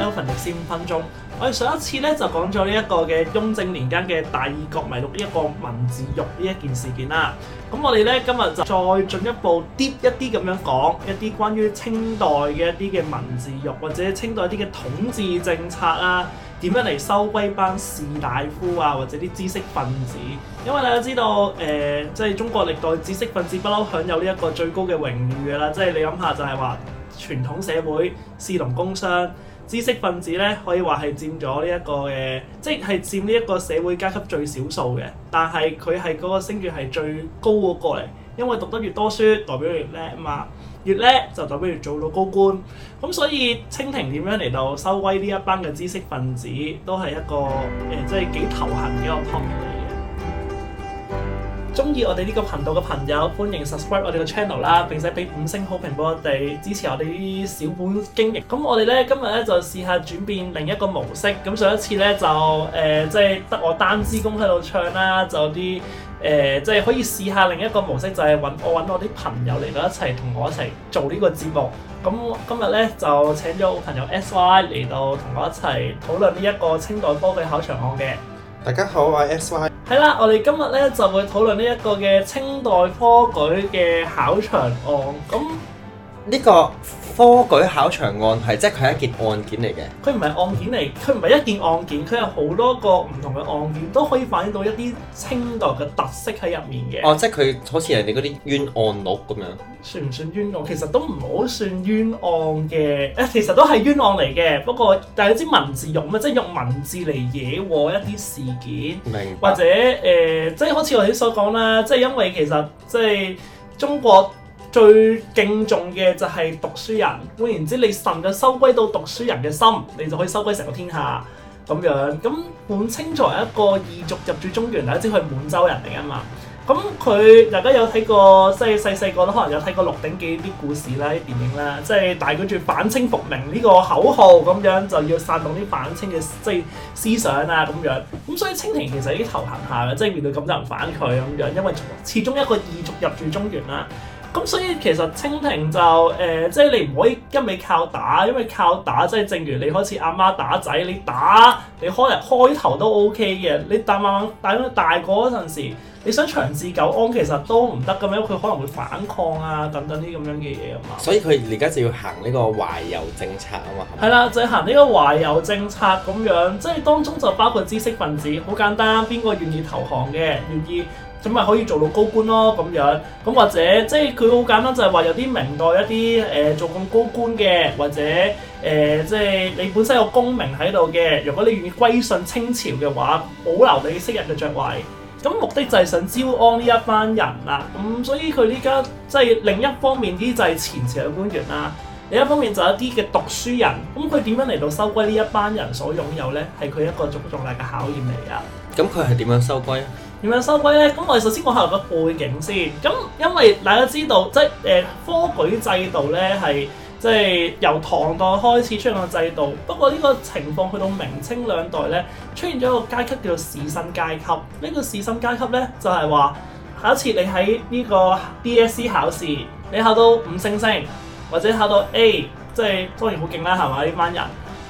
一份亦先五分鐘。我哋上一次咧就講咗呢一個嘅雍正年間嘅《大義覺迷錄》呢一個文字獄呢一件事件啦。咁我哋咧今日就再進一步啲一啲咁樣講一啲關於清代嘅一啲嘅文字獄或者清代一啲嘅統治政策啊，點樣嚟收歸班士大夫啊或者啲知識分子？因為大家知道誒，即係中國歷代知識分子不嬲享有呢一個最高嘅榮譽㗎啦。即係你諗下，就係話傳統社會士農工商。知識分子咧可以話係佔咗呢一個嘅、呃，即係佔呢一個社會階級最少數嘅，但係佢係嗰個聲譽係最高嗰個嚟，因為讀得越多書，代表越叻啊嘛，越叻就代表越做到高官。咁所以清廷點樣嚟到收威呢一班嘅知識分子，都係一個誒，即係幾頭痕嘅一個 topic。中意我哋呢個頻道嘅朋友，歡迎 subscribe 我哋嘅 channel 啦，並且俾五星好評俾我哋，支持我哋啲小本經營。咁我哋呢，今日呢就試下轉變另一個模式。咁上一次呢、呃，就誒即係得我單支公喺度唱啦，就有啲誒即係可以試下另一個模式，就係、係、揾我揾我啲朋友嚟到一齊同我一齊做呢個節目。咁今日呢，就請咗我朋友 S Y 嚟到同我一齊討論呢一個清代科舉考場案嘅。大家好，我係 SY。係啦，我哋今日咧就會討論呢一個嘅清代科舉嘅考場案。咁。呢個科舉考場案係，即係佢係一件案件嚟嘅。佢唔係案件嚟，佢唔係一件案件，佢有好多個唔同嘅案件都可以反映到一啲清代嘅特色喺入面嘅。哦，即係佢好似人哋嗰啲冤案錄咁樣。算唔算冤案？其實都唔好算冤案嘅。誒、呃，其實都係冤案嚟嘅。不過，但係啲文字用啊，即係用文字嚟惹禍一啲事件。明白。或者誒、呃，即係好似我哋所講啦，即係因為其實即係中國。最敬重嘅就係讀書人。換言之，你神就收歸到讀書人嘅心，你就可以收歸成個天下咁樣。咁滿清作為一個異族入主中原啦，即係滿洲人嚟啊嘛。咁佢大家有睇過即係細細個都可能有睇過《鹿鼎記》啲故事啦、啲電影啦，即係大佢住反清復明呢個口號咁樣，就要煽動啲反清嘅即係思想啊咁樣。咁所以清廷其實已經投行下嘅，即係面對咁多人反佢咁樣，因為始終一個異族入主中原啦。咁所以其實蜻蜓就誒、呃，即係你唔可以一味靠打，因為靠打即係、就是、正如你開始阿媽打仔，你打你開嚟開頭都 O K 嘅，你但慢慢等佢大個嗰陣時。你想長治久安其實都唔得咁樣，佢可能會反抗啊，等等啲咁樣嘅嘢啊嘛。所以佢而家就要行呢個懷柔政策啊嘛。係啦，就係行呢個懷柔政策咁樣，即係當中就包括知識分子，好簡單，邊個願意投降嘅，願意咁咪可以做到高官咯咁樣。咁或者即係佢好簡單，就係話有啲明代一啲誒、呃、做咁高官嘅，或者誒、呃、即係你本身有功名喺度嘅，如果你願意歸順清朝嘅話，保留你昔日嘅爵位。咁目的就係想招安呢一班人啦，咁所以佢呢家即係另一方面啲就係前朝嘅官員啦，另一方面就有一啲嘅讀書人，咁佢點樣嚟到收歸呢一班人所擁有咧？係佢一個好重大嘅考驗嚟噶。咁佢係點樣收歸呀？點樣收歸咧？咁我哋首先講下個背景先。咁因為大家知道即係誒、呃、科舉制度咧係。即係由唐代開始出現個制度，不過呢個情況去到明清兩代咧，出現咗一個階級叫做士紳階級。呢、這個士紳階級咧，就係、是、話，好似你喺呢個 DSE 考試，你考到五星星，或者考到 A，即係當然好勁啦，係嘛呢班人。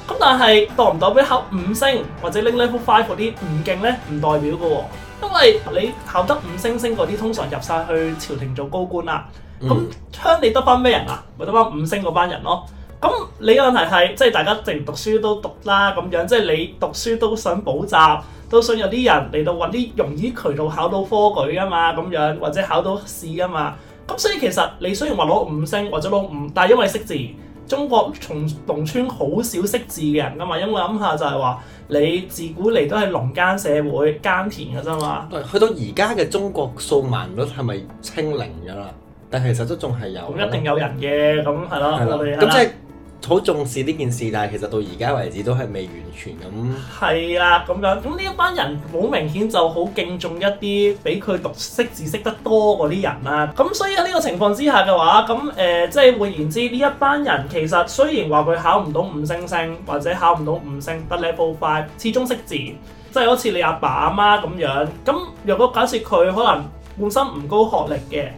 咁但係，代唔代表考五星或者拎 level five 嗰啲唔勁咧，唔代表噶喎、哦。因為你考得五星星嗰啲，通常入晒去朝廷做高官啦。咁鄉、嗯嗯、你得翻咩人啊？咪得翻五星嗰班人咯。咁你嘅問題係，即係大家淨讀書都讀啦，咁樣即係你讀書都想補習，都想有啲人嚟到揾啲容易渠道考到科舉啊嘛，咁樣或者考到試啊嘛。咁所以其實你雖然話攞五星或者攞五，但係因為識字，中國從農村好少識字嘅人噶嘛。因為諗下就係話，你自古嚟都係農耕社會，耕田嘅啫嘛。去到而家嘅中國文盲率係咪清零噶啦？但其實都仲係有，咁一定有人嘅咁係咯。咁即係好重視呢件事，但係其實到而家為止都係未完全咁。係啦，咁、啊、樣咁呢一班人好明顯就好敬重一啲比佢讀識字識得多嗰啲人啦、啊。咁所以喺呢個情況之下嘅話，咁誒即係換言之，呢一班人其實雖然話佢考唔到五星星，或者考唔到五星，不叻不快，始終識字，即係好似你阿爸阿媽咁樣。咁若果假設佢可能本身唔高學歷嘅。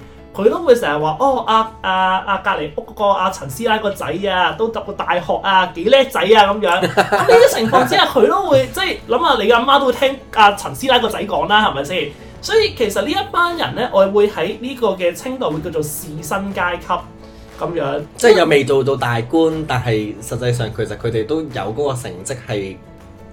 佢都會成日話：哦，阿阿阿隔離屋嗰個阿陳師奶個仔啊，都讀過大學啊，幾叻仔啊咁樣。咁呢啲情況之下，佢都會即係諗下你阿媽都會聽阿陳師奶個仔講啦，係咪先？所以其實呢一班人咧，我會喺呢個嘅清代會叫做士紳階級咁樣。即係又未做到大官，但係實際上其實佢哋都有嗰個成績係。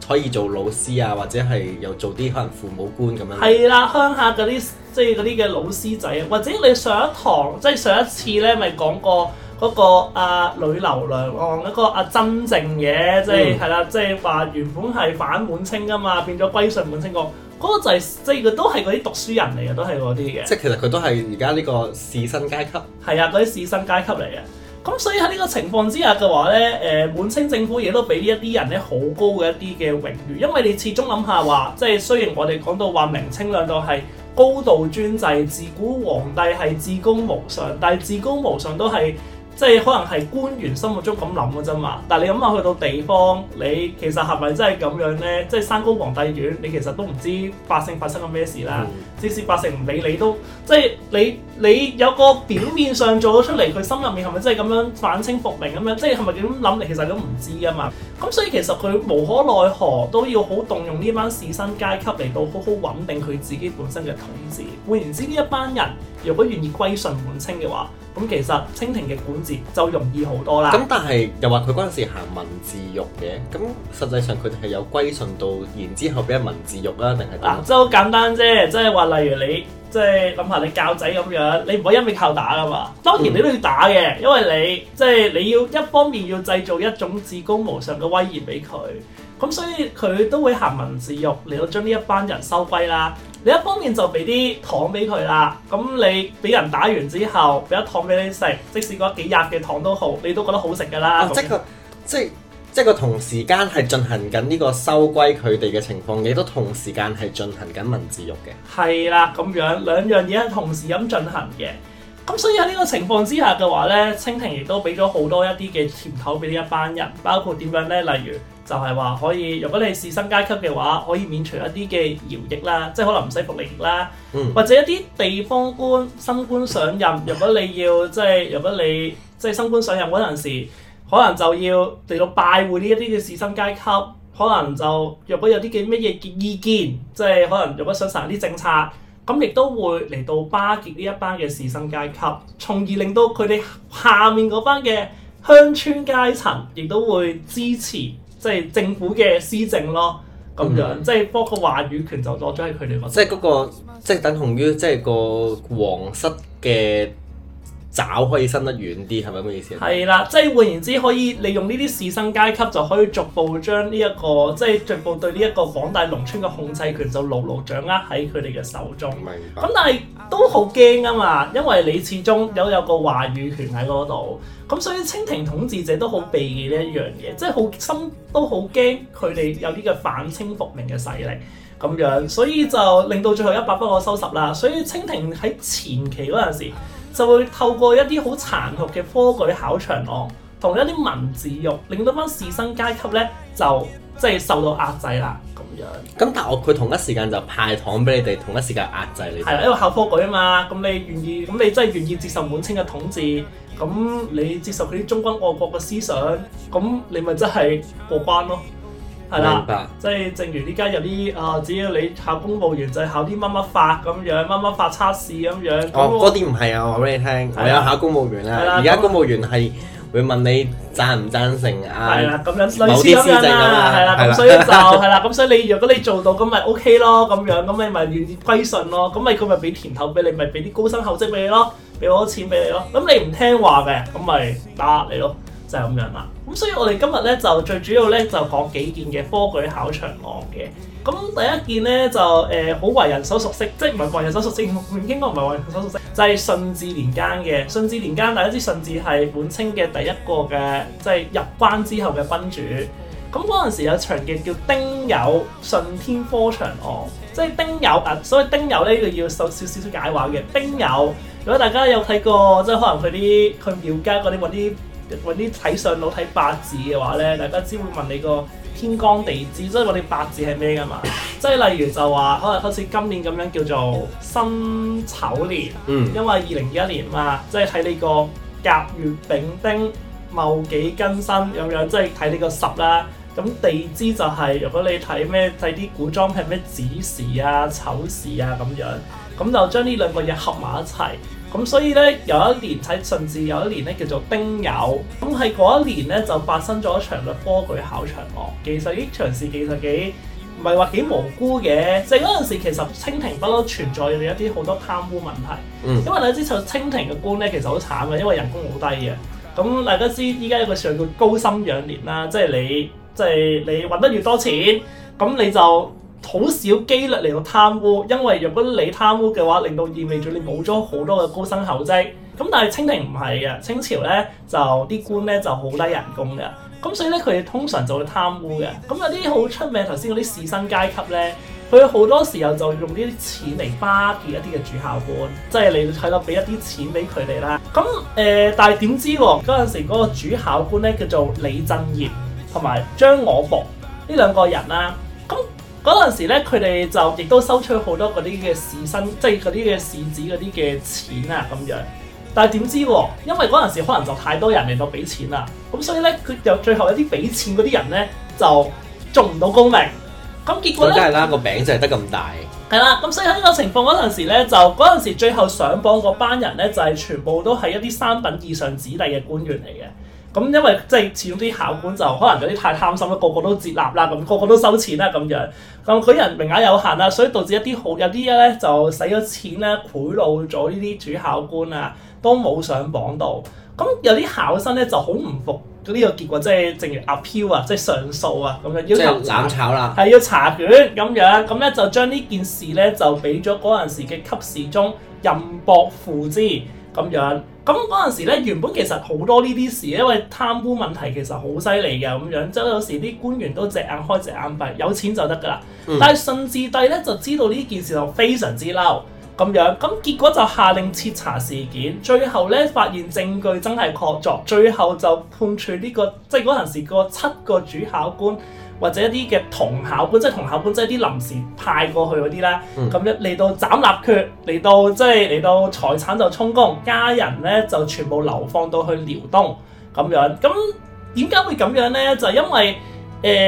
可以做老師啊，或者係又做啲可能父母官咁樣。係啦、啊，鄉下嗰啲即係嗰啲嘅老師仔，或者你上一堂即係上一次咧，咪講過嗰、那個、啊、呂留良案，嗰、那個阿、啊、曾靜嘅，即係係啦，即係話原本係反滿清噶嘛，變咗歸順滿清個，嗰、那個就係、是、即係佢都係嗰啲讀書人嚟嘅，都係嗰啲嘅。即係其實佢都係而家呢個士紳階級。係啊，嗰啲士紳階級嚟嘅。咁所以喺呢個情況之下嘅話咧，誒、呃、滿清政府亦都俾呢一啲人咧好高嘅一啲嘅榮譽，因為你始終諗下話，即係雖然我哋講到話明清兩代係高度專制，自古皇帝係至高無上，但係至高無上都係。即係可能係官員心目中咁諗嘅啫嘛，但係你諗下去到地方，你其實係咪真係咁樣咧？即係山高皇帝遠，你其實都唔知百姓發生緊咩事啦。嗯、即使百姓唔理你都，即係你你有個表面上做咗出嚟，佢心入面係咪真係咁樣反清復明咁樣？即係係咪咁諗？其實你都唔知噶嘛。咁所以其實佢無可奈何，都要好動用呢班士紳階級嚟到好好穩定佢自己本身嘅統治。換言之，呢一班人如果願意歸順滿清嘅話，咁其實清廷嘅管治就容易好多啦。咁但係又話佢嗰陣時行文字獄嘅，咁實際上佢哋係有歸順到然之後俾人文字獄啊，定係打？即係好簡單啫，即係話例如你即係諗下你教仔咁樣，你唔可以一味靠打㗎嘛。當然你都要打嘅，嗯、因為你即係、就是、你要一方面要製造一種至高無上嘅威嚴俾佢，咁所以佢都會行文字獄嚟到將呢一班人收歸啦。你一方面就俾啲糖俾佢啦，咁你俾人打完之後，俾一糖俾你食，即使嗰幾日嘅糖都好，你都覺得好食噶啦。即個即即個同時間係進行緊呢個收歸佢哋嘅情況，亦都同時間係進行緊文字獄嘅。係啦，咁樣兩樣嘢係同時咁進行嘅。咁所以喺呢個情況之下嘅話呢，清廷亦都俾咗好多一啲嘅甜頭俾呢一班人，包括點樣呢？例如，就係話可以，如果你係士生階級嘅話，可以免除一啲嘅徭役啦，即係可能唔使服兵役啦，嗯、或者一啲地方官新官上任，若果你要即係，若果你即係新官上任嗰陣時，可能就要嚟到拜會呢一啲嘅士生階級，可能就若果有啲嘅乜嘢意見，即係可能若果想成啲政策，咁亦都會嚟到巴結呢一班嘅士生階級，從而令到佢哋下面嗰班嘅鄉村階層亦都會支持。即係政府嘅施政咯，咁樣，嗯、即係幫個話語權就落咗喺佢哋個。即係嗰個，即係等同於，即係個皇室嘅。爪可以伸得遠啲，係咪咁嘅意思？係啦，即係換言之，可以利用呢啲士紳階級，就可以逐步將呢一個，即係逐步對呢一個廣大農村嘅控制權，就牢牢掌握喺佢哋嘅手中。咁，明白。但係都好驚啊嘛，因為你始終有有個話語權喺嗰度，咁所以清廷統治者都好避忌呢一樣嘢，即係好心都好驚佢哋有呢個反清復明嘅勢力。咁樣，所以就令到最後一發不可收拾啦。所以清廷喺前期嗰陣時，就會透過一啲好殘酷嘅科舉考場案，同一啲文字獄，令到班士生階級咧就即係受到壓制啦。咁樣。咁但係我佢同一時間就派糖俾你哋，同一時間壓制你。係啦，因為考科舉啊嘛，咁你願意，咁你真係願意接受滿清嘅統治，咁你接受佢啲忠君愛國嘅思想，咁你咪真係過關咯。係啦，白即係正如呢家有啲啊，只要你考公務員就考啲乜乜法咁樣，乜乜法測試咁樣。嗰啲唔係啊，我話俾你聽，的我有考公務員啊。而家的公務員係會問你贊唔贊成啊？係啦，咁樣類似咁樣啊。係啦，咁所以就係啦，咁 所以你如果你做到咁咪 OK 咯，咁樣咁你咪要歸順咯，咁咪佢咪俾甜頭俾你，咪俾啲高薪厚職俾你咯，俾好多錢俾你咯。咁你唔聽話嘅，咁咪打你咯。就係咁樣啦。咁所以我哋今日咧就最主要咧就講幾件嘅科舉考場案嘅。咁第一件咧就誒好、呃、為人所熟悉，即係唔係為人所熟悉？唔應該唔係為人所熟悉，就係、是、順治年間嘅。順治年間大家知順治係本清嘅第一個嘅，即、就、係、是、入關之後嘅君主。咁嗰陣時有場嘅叫丁酉順天科場案，即係丁酉。啊。所以丁酉咧要受少少，少解話嘅丁酉，如果大家有睇過，即係可能佢啲佢廟街啲嗰啲。揾啲睇相佬睇八字嘅話咧，大家知會問你個天干地支，即係話你八字係咩噶嘛？即係例如就話，可能好似今年咁樣叫做辛丑年，嗯，因為二零二一年嘛，即係睇你個甲乙丙丁戊己庚辛咁樣，即係睇你個十啦。咁地支就係如果你睇咩睇啲古裝係咩子時啊、丑時啊咁樣，咁就將呢兩個嘢合埋一齊。咁所以咧，有一年喺順治有一年咧叫做丁酉。咁喺嗰一年咧就發生咗一場嘅科舉考場案。其實呢場事其實幾唔係話幾無辜嘅，即係嗰陣時其實清廷不嬲存在嘅一啲好多貪污問題。嗯，因為你知道清廷嘅官咧其實好慘嘅，因為人工好低嘅。咁大家知依家一個上叫高薪養廉啦，即係你即係、就是、你揾得越多錢，咁你就。好少機率嚟到貪污，因為如果你貪污嘅話，令到意味住你冇咗好多嘅高薪厚職。咁但係清廷唔係嘅，清朝咧就啲官咧就好低人工嘅。咁所以咧，佢哋通常就會貪污嘅。咁有啲好出名，頭先嗰啲士生階級咧，佢好多時候就用呢啲錢嚟巴結一啲嘅主考官，即係你睇到俾一啲錢俾佢哋啦。咁誒、呃，但係點知喎？嗰陣時嗰個主考官咧叫做李振業同埋張我博呢兩個人啦。嗰陣時咧，佢哋就亦都收取好多嗰啲嘅士紳，即係嗰啲嘅士子嗰啲嘅錢啊咁樣。但係點知喎、啊？因為嗰陣時可能就太多人嚟到俾錢啦，咁所以咧佢就最後一啲俾錢嗰啲人咧就做唔到功名。咁結果咧，梗係啦，那個餅就係得咁大。係啦，咁所以喺呢個情況嗰陣時咧，就嗰陣時最後上榜嗰班人咧，就係、是、全部都係一啲三品以上子弟嘅官員嚟嘅。咁因為即係、就是、始終啲考官就可能有啲太貪心啦，個個都接納啦，咁個個都收錢啦咁樣。咁、那、佢、個、人名額有限啦，所以導致一啲好有啲咧就使咗錢啦，賄賂咗呢啲主考官啊，都冇上榜到。咁有啲考生咧就好唔服呢個結果，即係正如阿飄啊，即係上訴啊咁樣，要求冷炒啦，係要查卷咁樣。咁咧就將呢件事咧就俾咗嗰陣時嘅給事中任博負之。咁樣咁嗰陣時咧，原本其實好多呢啲事，因為貪污問題其實好犀利嘅咁樣，即係有時啲官員都隻眼開隻眼閉，有錢就得㗎喇。嗯、但係順治帝咧就知道呢件事就非常之嬲咁樣，咁結果就下令徹查事件，最後咧發現證據真係確鑿，最後就判處呢、呢個即係嗰陣時個七個主考官。或者一啲嘅同校本，即係同校本，即係啲臨時派過去嗰啲啦。咁咧嚟到斬立決，嚟到即係嚟到財產就充公，家人咧就全部流放到去遼東咁樣。咁點解會咁樣咧？就係因為誒、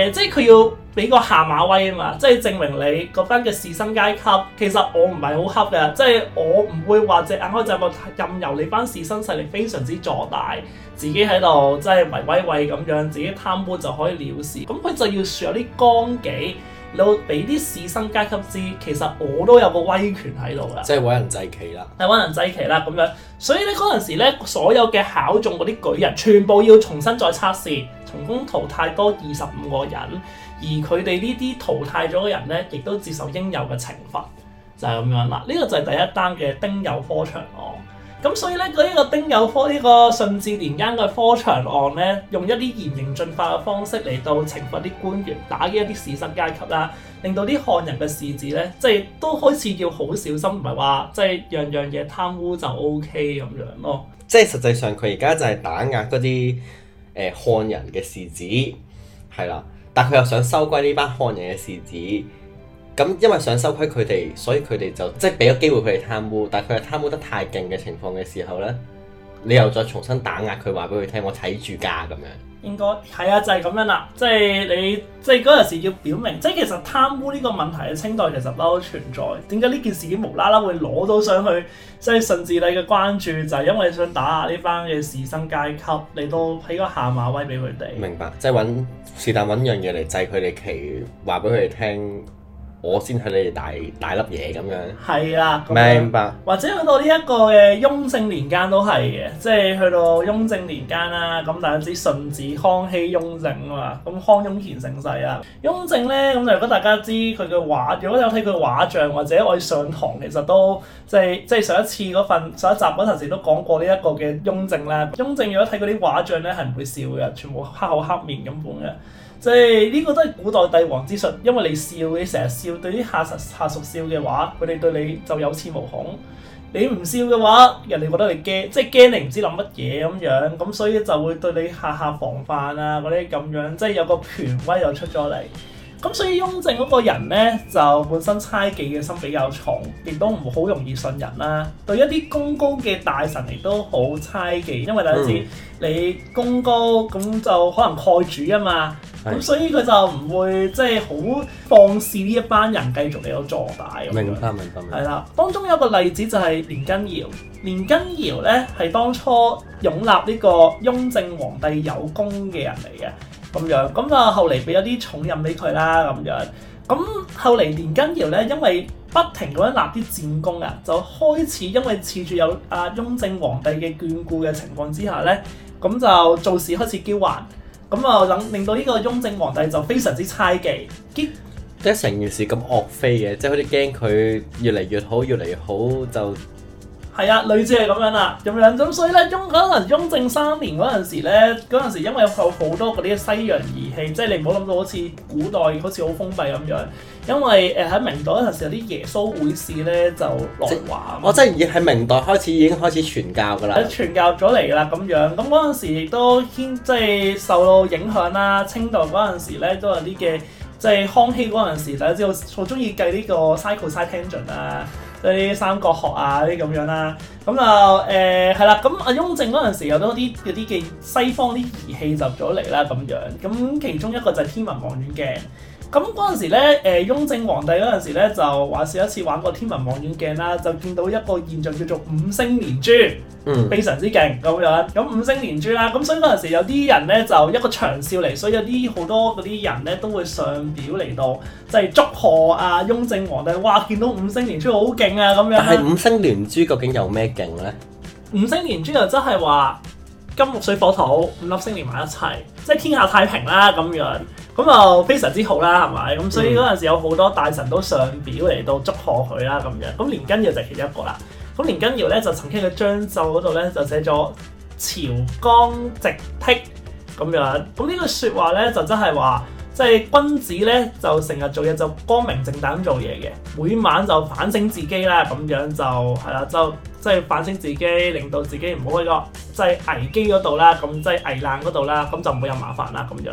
呃，即係佢要。俾個下馬威啊嘛，即係證明你嗰班嘅士生階級其實我唔係好恰嘅，即係我唔會話隻眼開就任由你班士生勢力非常之坐大，自己喺度即係為威位咁樣，自己貪污就可以了事。咁佢就要樹有啲綱紀，你俾啲士生階級知，其實我都有個威權喺度嘅，即係搵人祭旗啦，係搵人祭旗啦咁樣。所以咧嗰陣時咧，所有嘅考中嗰啲舉人全部要重新再測試，同工淘汰多二十五個人。而佢哋呢啲淘汰咗嘅人呢，亦都接受應有嘅懲罰，就係、是、咁樣啦。呢、這個就係第一單嘅丁酉科場案。咁所以呢，佢呢個丁酉科呢個順治年間嘅科場案呢，用一啲嚴刑峻法嘅方式嚟到懲罰啲官員，打擊一啲士紳階級啦，令到啲漢人嘅士子呢，即係都開始要好小心，唔係話即係樣樣嘢貪污就 O K 咁樣咯。即係實際上佢而家就係打壓嗰啲誒漢人嘅士子，係啦。但佢又想收歸呢班漢人嘅士子，咁因為想收歸佢哋，所以佢哋就即係俾咗機會佢哋貪污，但係佢係貪污得太勁嘅情況嘅時候咧。你又再重新打壓佢，話俾佢聽，我睇住㗎，咁樣。應該係啊，就係咁樣啦。即係你，即係嗰陣時要表明，即係其實貪污呢個問題，清代其實都存在。點解呢件事嘢無啦啦會攞到上去，即係甚至你嘅關注，就係因為你想打壓呢班嘅士生階級，你都喺個下馬威俾佢哋。明白，即係揾是但揾樣嘢嚟制佢哋，其話俾佢哋聽。我先係你哋大大粒嘢咁樣，係啦、啊，明白。或者去到呢、這、一個嘅雍正年間都係嘅，即係去到雍正年間啦。咁大家知順治、康熙、雍康雍、雍正啊嘛。咁康雍乾盛世啊。雍正咧，咁如果大家知佢嘅畫，如果有睇佢畫像或者我哋上堂，其實都即係即係上一次嗰份上一集嗰陣時都講過呢一個嘅雍正咧。雍正如果睇嗰啲畫像咧，係唔會笑嘅，全部黑口黑面咁本嘅。即係呢個都係古代帝王之術，因為你笑，你成日笑，對啲下屬下屬笑嘅話，佢哋對你就有恃無恐。你唔笑嘅話，人哋覺得你驚，即係驚你唔知諗乜嘢咁樣，咁所以就會對你下下防範啊嗰啲咁樣，即係有個權威就出咗嚟。咁所以雍正嗰個人咧，就本身猜忌嘅心比較重，亦都唔好容易信人啦、啊。對一啲功高嘅大臣，亦都好猜忌，因為大家知你功高，咁就可能蓋主啊嘛。咁是所以佢就唔會即係好放肆呢一班人繼續嚟到坐大咁樣。明白，明白。係啦，當中有一個例子就係年羹堯。年羹堯咧係當初擁立呢個雍正皇帝有功嘅人嚟嘅。咁樣，咁啊後嚟俾咗啲重任俾佢啦，咁樣。咁後嚟年羹堯咧，因為不停咁樣立啲戰功啊，就開始因為恃住有啊雍正皇帝嘅眷顧嘅情況之下咧，咁就做事開始驕橫，咁啊諗令到呢個雍正皇帝就非常之猜忌。啲成件事咁岳飛嘅，即係好似驚佢越嚟越好，越嚟越好就。係啊，類似係咁樣啦。咁樣咁，所以咧，雍可能雍正三年嗰陣時咧，嗰陣時因為有好多嗰啲西洋儀器，即係你唔好諗到好似古代好似好封閉咁樣。因為誒喺明代嗰陣時有啲耶穌會士咧就落華，即我真係已喺明代開始已經開始傳教㗎啦。傳教咗嚟㗎啦，咁樣咁嗰陣時亦都牽即係受到影響啦。清代嗰陣時咧都有啲嘅，即係康熙嗰陣時大家知道好中意計呢個 sine cosine tangent 即係啲三角學啊，啲咁樣啦，咁就誒係啦，咁阿雍正嗰陣時有好多啲啲嘅西方啲儀器入咗嚟啦，咁樣，咁其中一個就係天文望遠鏡。咁嗰陣時咧，誒雍正皇帝嗰陣時咧，就話試一次玩過天文望遠鏡啦，就見到一個現象叫做五星連珠，嗯，非常之勁咁樣。咁五星連珠啦，咁所以嗰陣時有啲人咧就一個長笑嚟，所以有啲好多嗰啲人咧都會上表嚟到，即係祝賀啊雍正皇帝，哇見到五星連珠好勁啊咁樣。但係五星連珠究竟有咩勁咧？五星連珠就真係話金木水火土五粒星連埋一齊，即係天下太平啦咁樣。咁就非常之好啦，係咪？咁所以嗰陣時有好多大臣都上表嚟到祝賀佢啦，咁樣。咁年羹堯就係其中一個啦。咁年羹堯咧就曾經喺張秀嗰度咧就寫咗朝乾夕惕咁樣。咁呢句説話咧就真係話，即係君子咧就成日做嘢就光明正大做嘢嘅，每晚就反省自己啦，咁樣就係啦，就即係反省自己，令到自己唔好喺個即係危機嗰度啦，咁即係危難嗰度啦，咁就唔會有麻煩啦，咁樣。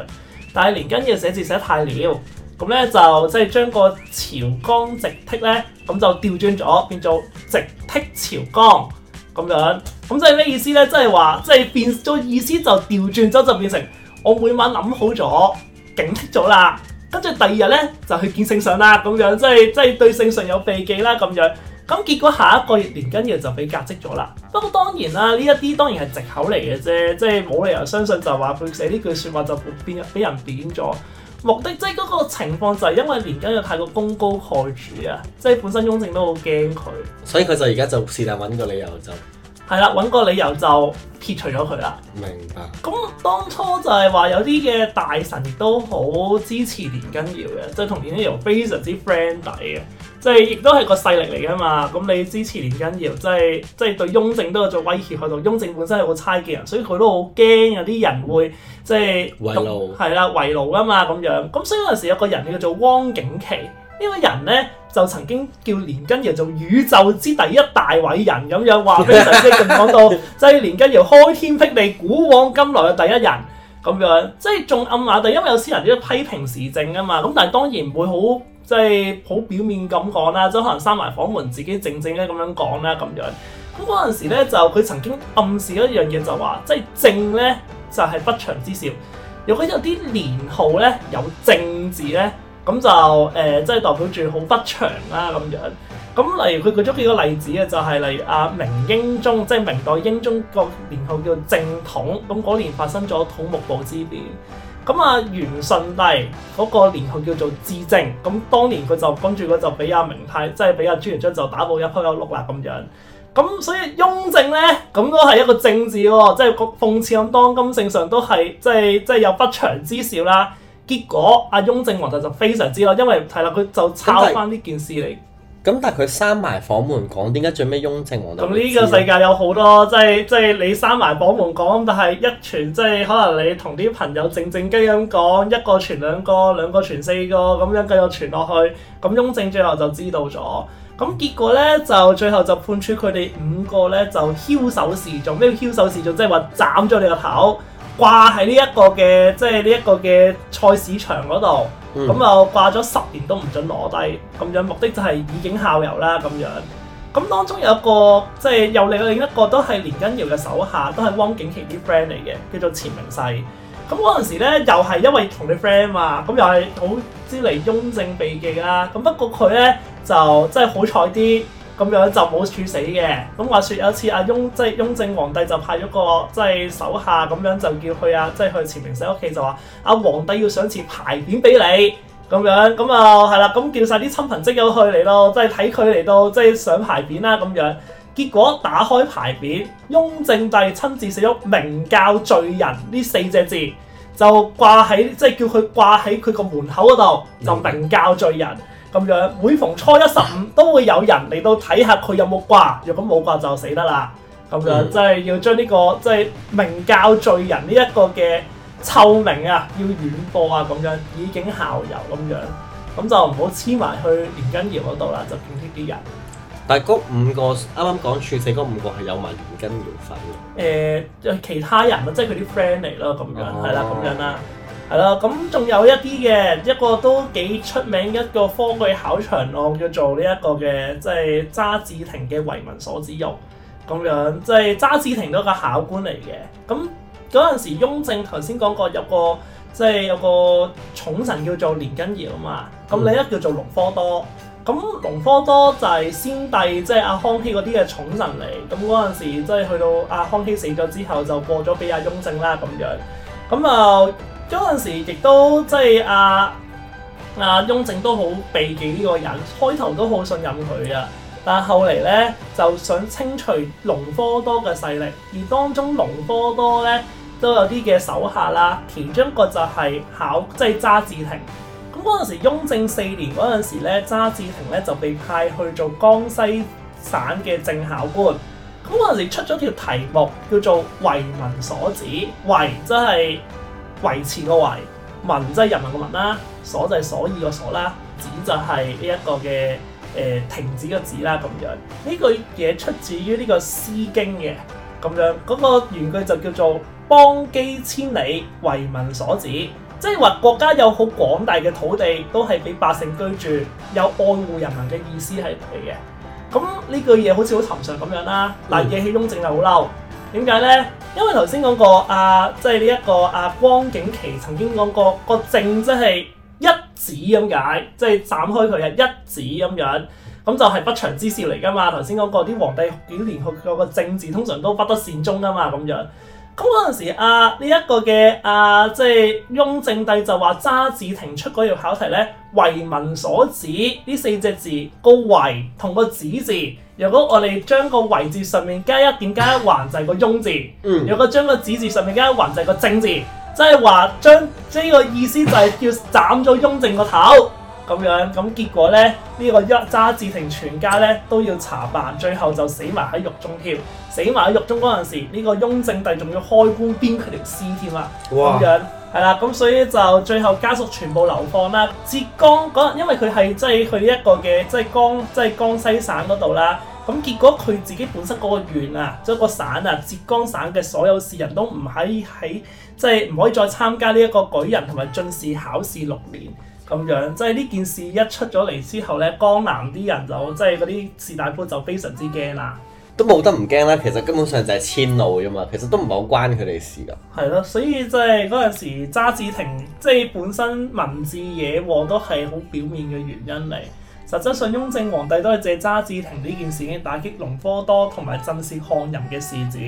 但係連根嘅寫字寫太潦，咁咧就即係將個朝江直剔咧，咁就調轉咗，變做直剔朝江。咁樣。咁即係咩意思咧？即係話即係變咗意思就調轉咗，就變成我每晚諗好咗警惕咗啦，跟住第二日咧就去見聖上啦。咁樣即係即係對聖上有避忌啦。咁樣。咁結果下一個月年羹堯就俾革職咗啦。不過當然啦，呢一啲當然係藉口嚟嘅啫，即係冇理由相信就話佢寫呢句説話就變俾人扁咗。目的即係嗰個情況就係因為年羹堯太過功高蓋主啊，即係本身雍正都好驚佢，所以佢就而家就試下揾個理由就係啦，揾個理由就撇除咗佢啦。明白。咁當初就係話有啲嘅大臣亦都好支持年羹堯嘅，即係同年羹堯非常之 friendly 嘅。即係亦都係個勢力嚟噶嘛，咁你支持年羹堯，即係即係對雍正都有做威脅喺度。雍正本身係個猜忌人，所以佢都好驚有啲人會即係係啦，圍爐噶嘛咁樣。咁所以嗰陣時有個人叫做汪景祺，呢個人咧就曾經叫年羹堯做宇宙之第一大偉人咁樣話俾大家聽，講到即係年羹堯開天辟地，古往今來嘅第一人咁樣，即係仲暗下第，因為有啲人都批評時政啊嘛，咁但係當然唔會好。即係好表面咁講啦，即係可能閂埋房門，自己靜靜咧咁樣講啦咁樣。咁嗰陣時咧就佢曾經暗示一樣嘢就話，即係正咧就係、是、不祥之兆。如果有啲年號咧有正字咧，咁就誒、呃、即係代表住好不祥啦、啊、咁樣。咁例如佢舉咗幾個例子嘅，就係、是、例如啊，明英宗，即係明代英宗個年號叫正統，咁嗰年發生咗土木堡之變。咁啊，元、嗯、順帝嗰個年號叫做至正，咁當年佢就跟住佢就俾阿、啊、明太，即係俾阿朱元璋就打到一鋪一碌啦咁樣，咁所以雍正咧，咁都係一個政治喎、哦，即係個諷刺咁，當今聖上都係即係即係有不祥之兆啦。結果阿雍正皇帝就非常之嬲，因為係啦，佢就抄翻呢件事嚟。咁但係佢閂埋房門講，點解最尾雍正皇帝咁呢個世界有好多，即係即係你閂埋房門講，但係一傳即係、就是、可能你同啲朋友靜靜雞咁講，一個傳兩個，兩個傳四個，咁樣繼續傳落去，咁雍正最後就知道咗。咁結果呢，就最後就判處佢哋五個呢，就梟首示眾。咩叫梟首示眾？即係話斬咗你個頭，掛喺呢一個嘅即係呢一個嘅菜市場嗰度。咁就、嗯、掛咗十年都唔準攞低，咁樣目的就係以儆效尤啦。咁樣，咁當中有一個，即、就、係、是、又另另一個都係年羹堯嘅手下，都係汪景祺啲 friend 嚟嘅，叫做錢明世。咁嗰陣時咧，又係因為同你 friend 啊，咁又係好之嚟雍正避忌啦。咁不過佢咧就真係好彩啲。咁樣就冇處死嘅。咁話説有一次阿雍即係、就是、雍正皇帝就派咗個即係、就是、手下咁樣就叫去阿即係去錢名世屋企就話：阿、啊、皇帝要上次牌匾俾你咁樣。咁啊係啦，咁叫晒啲親朋戚友去嚟咯，即係睇佢嚟到即係上牌匾啦咁樣。結果打開牌匾，雍正帝親自寫咗「名教罪人」呢四隻字，就掛喺即係叫佢掛喺佢個門口嗰度，就名教罪人。嗯咁樣每逢初一十五都會有人嚟到睇下佢有冇卦，若果冇卦就死得啦。咁樣、嗯、即係要將呢、這個即係名教罪人呢一個嘅臭名啊，要遠播啊，咁樣以儆效尤咁樣。咁就唔好黐埋去連根堯嗰度啦，就警惕啲人。但係嗰五個啱啱講處死嗰五個係有埋連根堯份嘅。誒、欸，其他人啊，即係佢啲 friend 嚟咯，咁樣係啦，咁、哦、樣啦。係啦，咁仲有一啲嘅，一個都幾出名，一個科舉考場案叫做呢一個嘅，即係查志廷嘅為民所指欲咁樣，即係查志廷都一個考官嚟嘅。咁嗰陣時，雍正頭先講過有個即係、就是、有個寵臣叫做年羹堯嘛，咁另一個叫做隆科多。咁隆科多就係先帝即係、就是、阿康熙嗰啲嘅寵臣嚟，咁嗰陣時即係、就是、去到阿康熙死咗之後，就過咗俾阿雍正啦咁樣，咁啊～嗰陣時亦都即係阿阿雍正都好避忌呢個人，開頭都好信任佢啊，但後嚟咧就想清除隆科多嘅勢力，而當中隆科多咧都有啲嘅手下啦，其中一個就係考即係、就是、查嗣庭。咁嗰陣時雍正四年嗰陣時咧，查嗣庭咧就被派去做江西省嘅正考官。咁嗰陣時出咗條題目叫做維民所止，維即係，就是維持個維，民即係人民嘅民啦，所就係所以指個所啦，止就係呢一個嘅誒停止個止啦，咁樣呢句嘢出自於呢個詩《詩經》嘅，咁樣嗰個原句就叫做邦基千里，為民所止」，即係話國家有好廣大嘅土地，都係俾百姓居住，有愛護人民嘅意思係嚟嘅。咁呢句嘢好似好尋常咁樣啦，嗱野氣雍正係好嬲。點解呢？因為頭先講過啊，即係呢一個啊，汪景祺曾經講過個正，即係一止咁解，即係斬開佢係一止咁樣，咁就係不祥之兆嚟噶嘛。頭先講過啲皇帝幾年去個個政治，通常都不得善終啊嘛，咁樣。咁嗰陣時，呢、啊、一個嘅阿即係雍正帝就話，揸字庭出嗰條考題呢，為民所指，呢四隻字個為同個子字，如果我哋將個為字上面加一點加一橫就係個雍字，嗯、如果將個子字上面加一橫就係個正字，即係話將呢個意思就係要斬咗雍正個頭。咁樣咁結果咧，呢、這個一查嗣庭全家咧都要查辦，最後就死埋喺獄中添。死埋喺獄中嗰陣時，呢、這個雍正帝仲要開棺鞭佢條屍添啦。咁樣係啦，咁哇所以就最後家屬全部流放啦。浙江嗰，因為佢係即係去一個嘅即係江即係、就是、江西省嗰度啦。咁結果佢自己本身嗰個縣啊，即、就、係、是、個省啊，浙江省嘅所有士人都唔喺，喺即係唔可以再參加呢一個舉人同埋進士考試六年。咁樣，即係呢件事一出咗嚟之後，呢江南啲人就即係嗰啲士大夫就非常之驚啦。都冇得唔驚啦，其實根本上就係遷怒啫嘛，其實都唔係好關佢哋事噶。係咯，所以即係嗰陣時，查志廷即係本身文字惹禍都係好表面嘅原因嚟。實際上，雍正皇帝都係借揸志廷呢件事去打擊隆科多同埋震懾漢人嘅事子。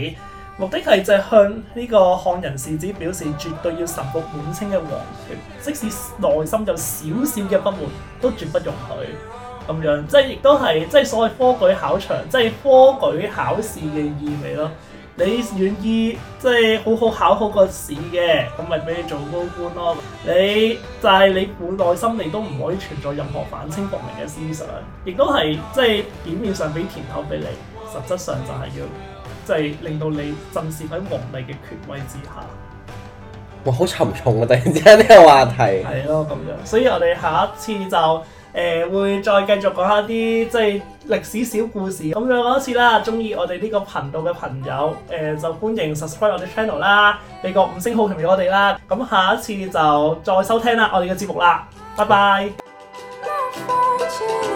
目的係就係向呢個漢人士子表示絕對要臣服本清嘅皇權，即使內心有少少嘅不滿，都絕不容許咁樣。即係亦都係即係所謂科舉考場，即係科舉考試嘅意味咯。你願意即係好好考好個試嘅，咁咪俾你做高官咯。你就係、是、你本內心，你都唔可以存在任何反清復明嘅思想，亦都係即係表面上俾甜頭俾你，實質上就係要。就係令到你震懾喺皇帝嘅權威之下。哇，好沉重啊！突然之間呢個話題。係咯，咁樣。所以我哋下一次就誒、呃、會再繼續講下啲即係歷史小故事。咁樣講一次啦。中意我哋呢個頻道嘅朋友誒、呃、就歡迎 subscribe 我哋 channel 啦，俾個五星好評俾我哋啦。咁、嗯、下一次就再收聽啦，我哋嘅節目啦。拜拜。